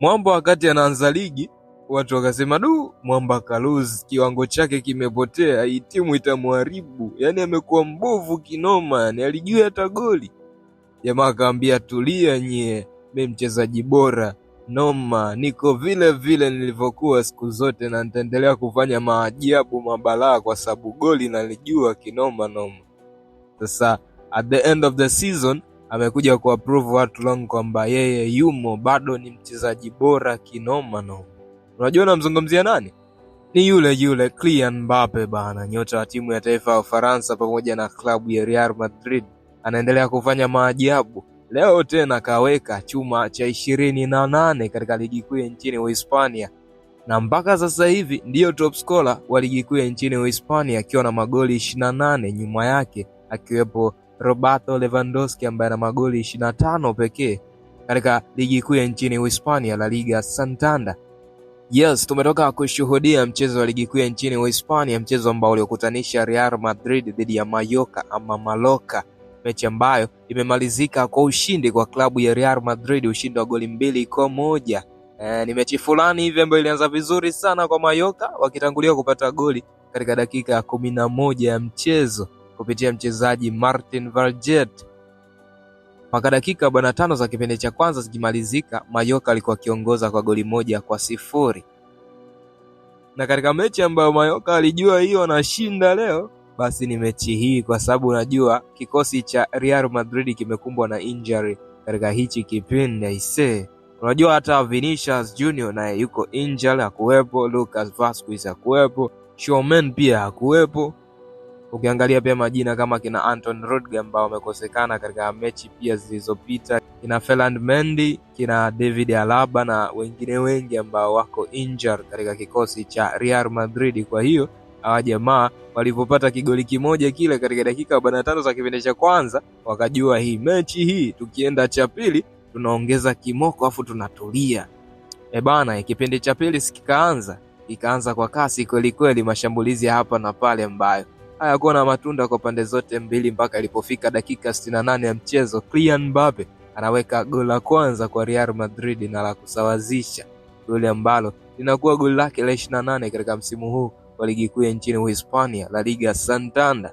Mwamba wakati anaanza ligi watu wakasema du, Mwamba kaluz kiwango chake kimepotea, hii timu itamharibu, yani amekuwa mbovu kinoma, yani alijua hata goli. Jamaa akaambia tulia nyie, mi mchezaji bora noma, niko vile vile nilivyokuwa siku zote, na nitaendelea kufanya maajabu mabalaa, kwa sababu goli nalijua kinoma noma. Sasa at the end of the season amekuja kuwaprove watu long kwamba yeye yumo bado ni mchezaji bora kinomanoma. Unajua namzungumzia nani? Ni yule yule Kylian Mbappe bana, nyota wa timu ya taifa ya Ufaransa pamoja na klabu ya Real Madrid, anaendelea kufanya maajabu. Leo tena kaweka chuma cha ishirini na nane katika ligi kuu ya nchini Uhispania na mpaka sasa hivi ndiyo top scorer wa ligi kuu ya nchini Uhispania akiwa na magoli 28, nyuma yake akiwepo Roberto Lewandowski ambaye ana magoli 25 pekee katika ligi kuu ya nchini Uhispania La Liga Santander. Yes, tumetoka kushuhudia mchezo wa ligi kuu ya nchini Uhispania, mchezo ambao uliokutanisha Real Madrid dhidi ya Mallorca ama Maloka, mechi ambayo imemalizika kwa ushindi kwa klabu ya Real Madrid, ushindi wa goli mbili kwa moja. E, ni mechi fulani hivi ambayo ilianza vizuri sana kwa Mallorca wakitangulia kupata goli katika dakika ya kumi na moja ya mchezo kupitia mchezaji Martin Valjet. Mpaka dakika arobaini tano za kipindi cha kwanza zikimalizika, Mayoka alikuwa akiongoza kwa goli moja kwa sifuri na katika mechi ambayo Mayoka alijua hiyo anashinda leo, basi ni mechi hii, kwa sababu unajua kikosi cha Real Madrid kimekumbwa na injury katika hichi kipindi aisee. Unajua hata Vinicius Junior naye yuko injured, hakuwepo. Lucas Vasquez hakuwepo. Shomen pia hakuwepo. Ukiangalia pia majina kama kina Anton Rudiger ambao wamekosekana katika mechi pia zilizopita, kina Ferland Mendy, kina David Alaba na wengine wengi ambao wako injured katika kikosi cha Real Madrid. Kwa hiyo hawa jamaa walivyopata kigoli kimoja kile katika dakika arobaini tano za kipindi cha kwanza, wakajua hii mechi hii tukienda cha pili tunaongeza kimoko afu tunatulia. E bana, kipindi cha pili sikikaanza, ikaanza kwa kasi kweli kweli, mashambulizi hapa na pale ambayo hayakuwa na matunda kwa pande zote mbili mpaka ilipofika dakika 68 ya mchezo Kylian Mbappe anaweka goli la kwanza kwa Real Madrid na la kusawazisha, goli ambalo linakuwa goli lake la 28 katika msimu huu wa ligi kuu ya nchini Uhispania La Liga Santander.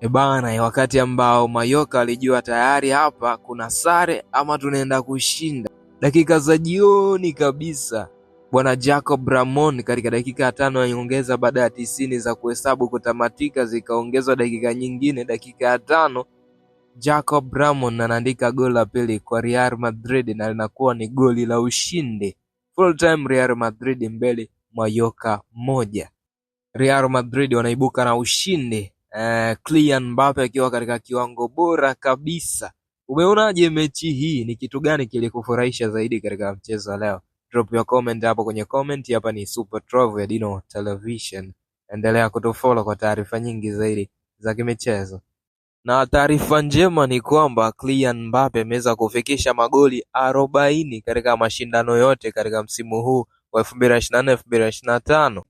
E bana, wakati ambao Mayoka alijua tayari hapa kuna sare ama tunaenda kushinda, dakika za jioni kabisa Bwana Jacob Ramon katika dakika ya tano ya nyongeza baada ya tisini za kuhesabu kutamatika zikaongezwa dakika nyingine. Dakika ya tano Jacob Ramon anaandika goli la pili kwa Real Madrid na linakuwa ni goli la ushindi. Full time Real Madrid mbele Mallorca moja. Real Madrid wanaibuka na ushindi. Eh, Kylian Mbappe akiwa katika kiwango bora kabisa. Umeonaje mechi hii? Ni kitu gani kilikufurahisha zaidi katika mchezo leo? drop your comment hapo kwenye comment. Hapa ni Super Trove ya Dino Television, endelea kutufollow kwa taarifa nyingi zaidi za kimichezo. Na taarifa njema ni kwamba Kylian Mbappe ameweza kufikisha magoli 40 katika mashindano yote katika msimu huu wa 2024 2025.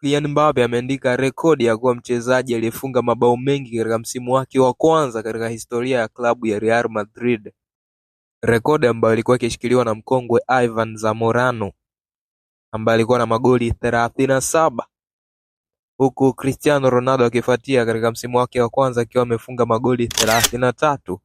Kylian Mbappe ameandika rekodi ya kuwa mchezaji aliyefunga mabao mengi katika msimu wake wa kwanza katika historia ya klabu ya Real Madrid rekodi ambayo ilikuwa ikishikiliwa na mkongwe Ivan Zamorano ambaye alikuwa na magoli thelathini na saba huku Cristiano Ronaldo akifuatia katika msimu wake wa kwanza akiwa amefunga magoli thelathini na tatu